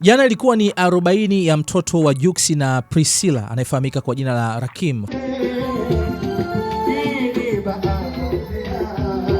Jana ilikuwa ni arobaini ya mtoto wa Juksi na Priscilla anayefahamika kwa jina la Rakim.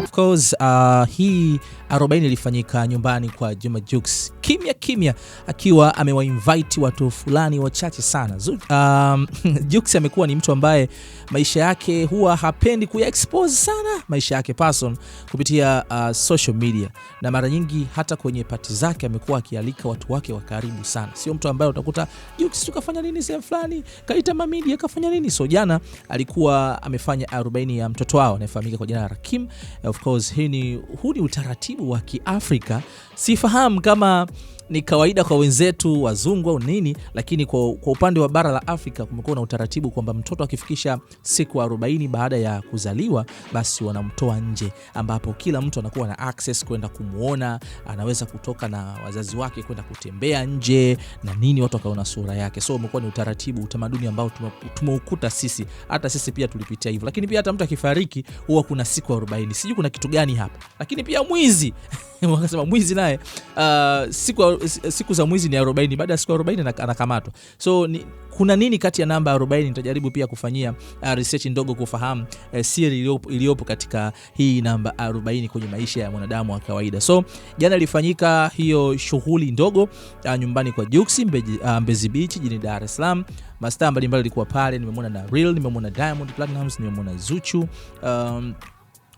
Of course, uh, hii arobaini ilifanyika nyumbani kwa Juma Jux kimya kimya akiwa amewainvite watu fulani wachache sana. Um, Jux amekuwa ni mtu ambaye maisha yake huwa hapendi kuyaexpose sana maisha yake person kupitia uh, social media, na mara nyingi hata kwenye pati zake amekuwa akialika watu wake wa karibu sana. Sio mtu ambaye utakuta Jux tukafanya nini sehemu fulani, kaita mamidia kafanya nini. So jana alikuwa amefanya arobaini ya mtoto wao anayefahamika kwa jina la Rakim. Of course hii ni huu ni utaratibu wa Kiafrika, sifahamu kama ni ni kawaida kwa wenzetu wazungu au nini, lakini kwa, kwa upande wa bara la Afrika kumekuwa na utaratibu kwamba mtoto akifikisha siku 40 baada ya kuzaliwa, basi wanamtoa nje, ambapo kila mtu anakuwa na access kwenda kumwona, anaweza kutoka na wazazi wake kwenda kutembea nje na nini, watu wakaona sura yake. So umekuwa ni utaratibu, utamaduni ambao tumeukuta sisi, hata sisi pia tulipitia hivyo. Lakini pia hata mtu akifariki huwa kuna siku 40, sijui kuna kitu gani hapa. Lakini pia mwizi wakasema mwizi naye uh, siku siku za mwizi ni 40, baada ya siku 40 anakamatwa. So ni, kuna nini kati ya namba 40? Nitajaribu pia kufanyia uh, research ndogo kufahamu uh, siri iliyopo katika hii namba 40 kwenye maisha ya mwanadamu wa kawaida. So jana ilifanyika hiyo shughuli ndogo uh, nyumbani kwa juksi uh, Mbezi Beach jijini Dar es Salaam. Mastaa mbalimbali alikuwa pale, nimemwona na Real, nimemwona Diamond Platnumz, nimemwona Zuchu um,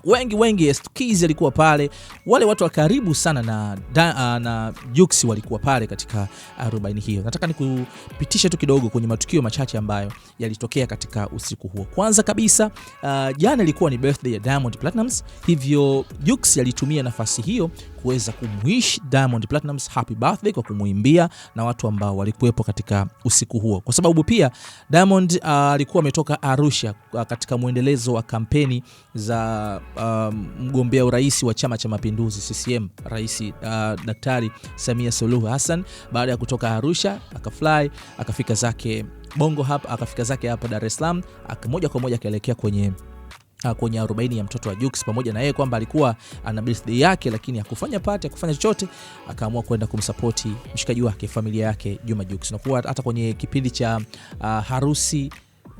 wengi wengi, Estukizi alikuwa pale, wale watu wa karibu sana na, da, ah, na Jux walikuwa pale katika arobaini hiyo. Nataka nikupitisha tu kidogo kwenye matukio machache ambayo yalitokea katika usiku huo. Kwanza kabisa, uh, jana ilikuwa ni birthday ya Diamond Platnumz, hivyo Jux alitumia nafasi hiyo kuweza kumwish Diamond Platnumz happy birthday kwa kumwimbia na watu ambao walikuwepo katika usiku huo, kwa sababu pia Diamond ah, alikuwa uh, ametoka Arusha uh, katika mwendelezo wa kampeni za um, mgombea urais wa Chama cha Mapinduzi CCM Rais uh, Daktari Samia Suluhu Hassan baada ya kutoka Arusha akafly akafika zake Bongo hapa akafika zake hapa Dar es Salaam moja kwa moja akaelekea kwenye uh, kwenye arobaini ya mtoto wa Jux pamoja na yeye kwamba alikuwa ana birthday yake, lakini hakufanya party, hakufanya chochote, akaamua kwenda kumsapoti mshikaji wake, familia yake Juma Jux, hata kwenye kipindi cha uh, harusi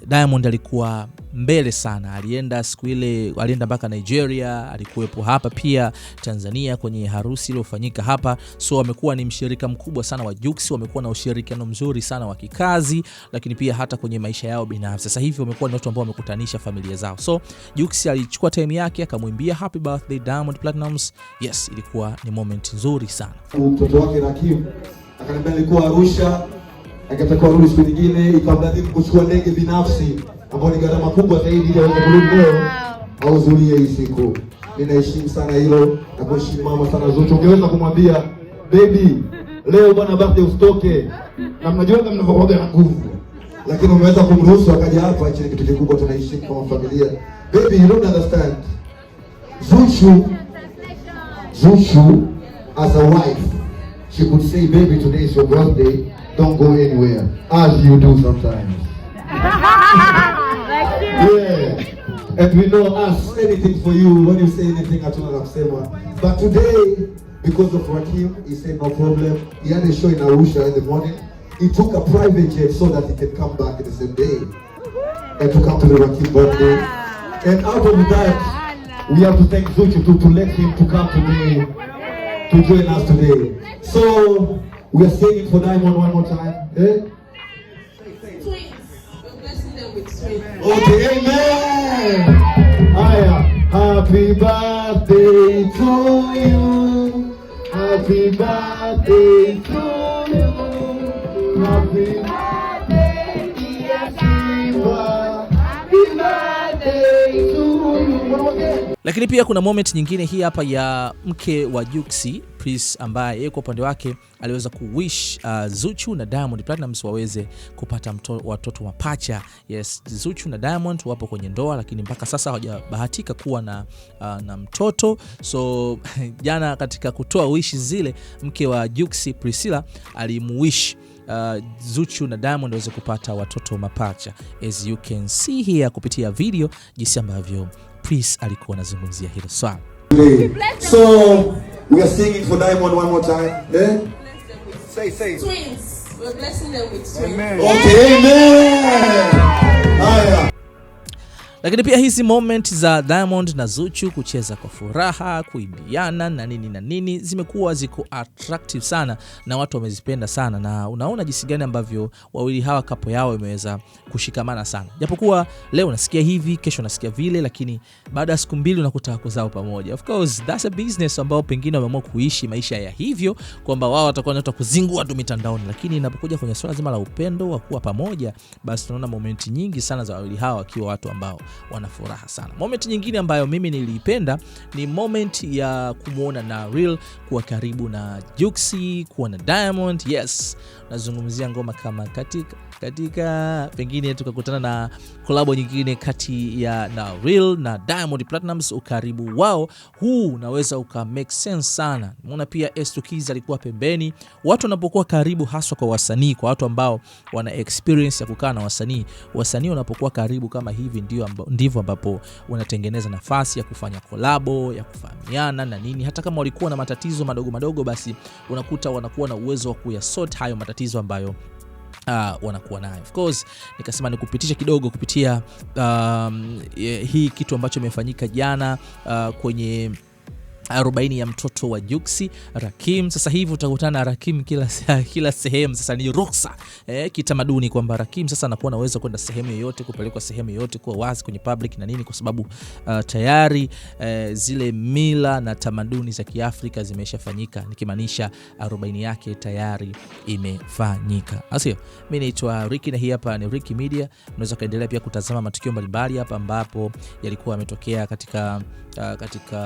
Diamond alikuwa mbele sana, alienda siku ile, alienda mpaka Nigeria, alikuwepo hapa pia Tanzania kwenye harusi iliyofanyika hapa. So amekuwa ni mshirika mkubwa sana wa Jux, wamekuwa na ushirikiano mzuri sana wa kikazi, lakini pia hata kwenye maisha yao binafsi. Sasa hivi wamekuwa ni watu ambao wamekutanisha familia zao. So Jux alichukua time yake akamwimbia happy birthday Diamond Platnumz. Yes, ilikuwa ni moment nzuri sana. Mtoto wake Rakim akaniambia Arusha angetakiwa rudi siku nyingine, ikamlazimu kuchukua ndege binafsi ambayo ni gharama kubwa zaidi, ili aweze kurudi leo ahudhurie hii siku. Ninaheshimu sana hilo na kuheshimu mama sana Zuchu. Ungeweza kumwambia baby, leo bwana birthday usitoke, na mnajiona mnavyokuwaga na nguvu, lakini umeweza kumruhusu akaja hapa. Hichi ni kitu kikubwa, tunaheshimu kama familia. Baby, you don't understand Zuchu Zuchu as a wife she could say baby today is your birthday don't go anywhere, as you do sometimes. yeah. And we know us, anything for you, when you say anything at all, I'm saying one. But today, because of Rakim, he said no problem. He had a show in Arusha in the morning. He took a private jet so that he can come back the same day and to come to the Rakim birthday. And out of that, we have to thank Zuchu to, to let him to come today, to join us today. So we are singing for Diamond one more time. Eh? Twins. We're blessing them with twins. Okay, amen. Aya. Happy birthday to you. Happy birthday to you. Happy birthday. Lakini pia kuna moment nyingine hii hapa ya mke wa Juksi Pris, ambaye yeye kwa upande wake aliweza kuwish uh, Zuchu na Diamond Platnumz waweze kupata mto, watoto mapacha. Yes, Zuchu na Diamond wapo kwenye ndoa lakini mpaka sasa hawajabahatika kuwa na, uh, na mtoto. So jana katika kutoa wishi zile mke wa Juksi Priscilla alimwish Uh, Zuchu na Diamond waweze kupata watoto mapacha, as you can see here kupitia video jinsi ambavyo Chris alikuwa anazungumzia hilo swala. So we are singing for Diamond one more time. Eh? Say say. Twins. We're blessing them with twins. Amen. Okay, amen. Haya. Lakini pia hizi moment za Diamond na Zuchu kucheza kwa furaha, kuibiana na nini na nini zimekuwa ziko attractive sana na watu wamezipenda sana, na unaona jinsi gani ambavyo wawili hawa kapo yao imeweza kushikamana sana, japokuwa leo unasikia hivi, kesho unasikia vile, lakini baada ya siku mbili unakuta wako zao pamoja. Of course that's a business ambao pengine wameamua kuishi maisha ya hivyo kwamba wao watakuwa nata kuzingua tu mitandaoni, lakini inapokuja kwenye swala zima la upendo wa kuwa pamoja, basi tunaona momenti nyingi sana za wawili hawa wakiwa watu ambao wana furaha sana. Moment nyingine ambayo mimi niliipenda ni moment ya kumwona Narill kuwa karibu na Juksi, kuwa na Diamond. Yes, nazungumzia ngoma kama katika katika pengine tukakutana na kolabo nyingine kati ya na Real na Diamond Platinums, ukaribu wao huu unaweza uka make sense sana. mona pia Estukiz alikuwa pembeni. Watu wanapokuwa karibu, haswa kwa wasanii, kwa watu ambao wana experience ya kukaa na wasanii, wasanii wanapokuwa karibu kama hivi, ndio ndivyo ambapo wanatengeneza nafasi ya kufanya kolabo, ya kufahamiana na nini. Hata kama walikuwa na matatizo madogo madogo, basi unakuta wanakuwa na uwezo wa kuyasort hayo matatizo ambayo Uh, wanakuwa nayo of course, nikasema nikupitisha kidogo kupitia um, hii kitu ambacho imefanyika jana uh, kwenye arobaini ya mtoto wa Juksi Rakim. Sasa hivi utakutana na Rakim kila, kila sehemu. Sasa ni ruksa eh, kitamaduni kwamba Rakim sasa anakuwa anaweza kwenda sehemu yoyote, kupelekwa sehemu yoyote, kuwa wazi kwenye public na nini, kwa sababu uh, tayari uh, zile mila na tamaduni za Kiafrika zimeshafanyika, nikimaanisha arobaini yake tayari imefanyika, asio. Ah, Mi naitwa Riki na hii hapa ni Riki Media. Unaweza ukaendelea pia kutazama matukio mbalimbali hapa ambapo yalikuwa yametokea katika uh, katika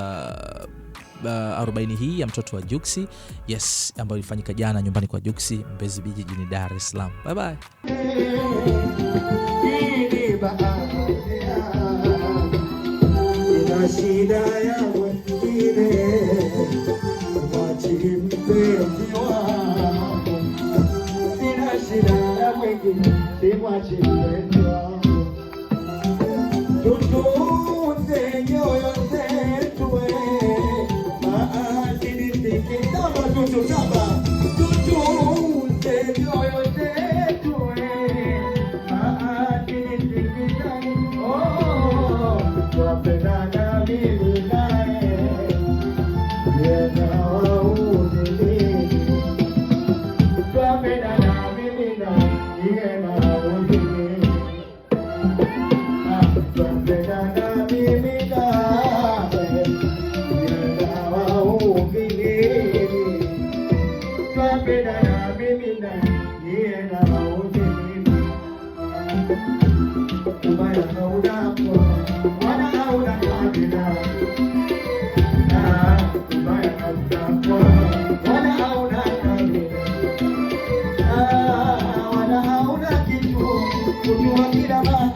uh, arobaini hii ya mtoto wa Juksi, yes, ambayo ilifanyika jana nyumbani kwa Juksi, Mbezi Beach, jijini Dar es Salaam. Bye bye. Kunywa kila mara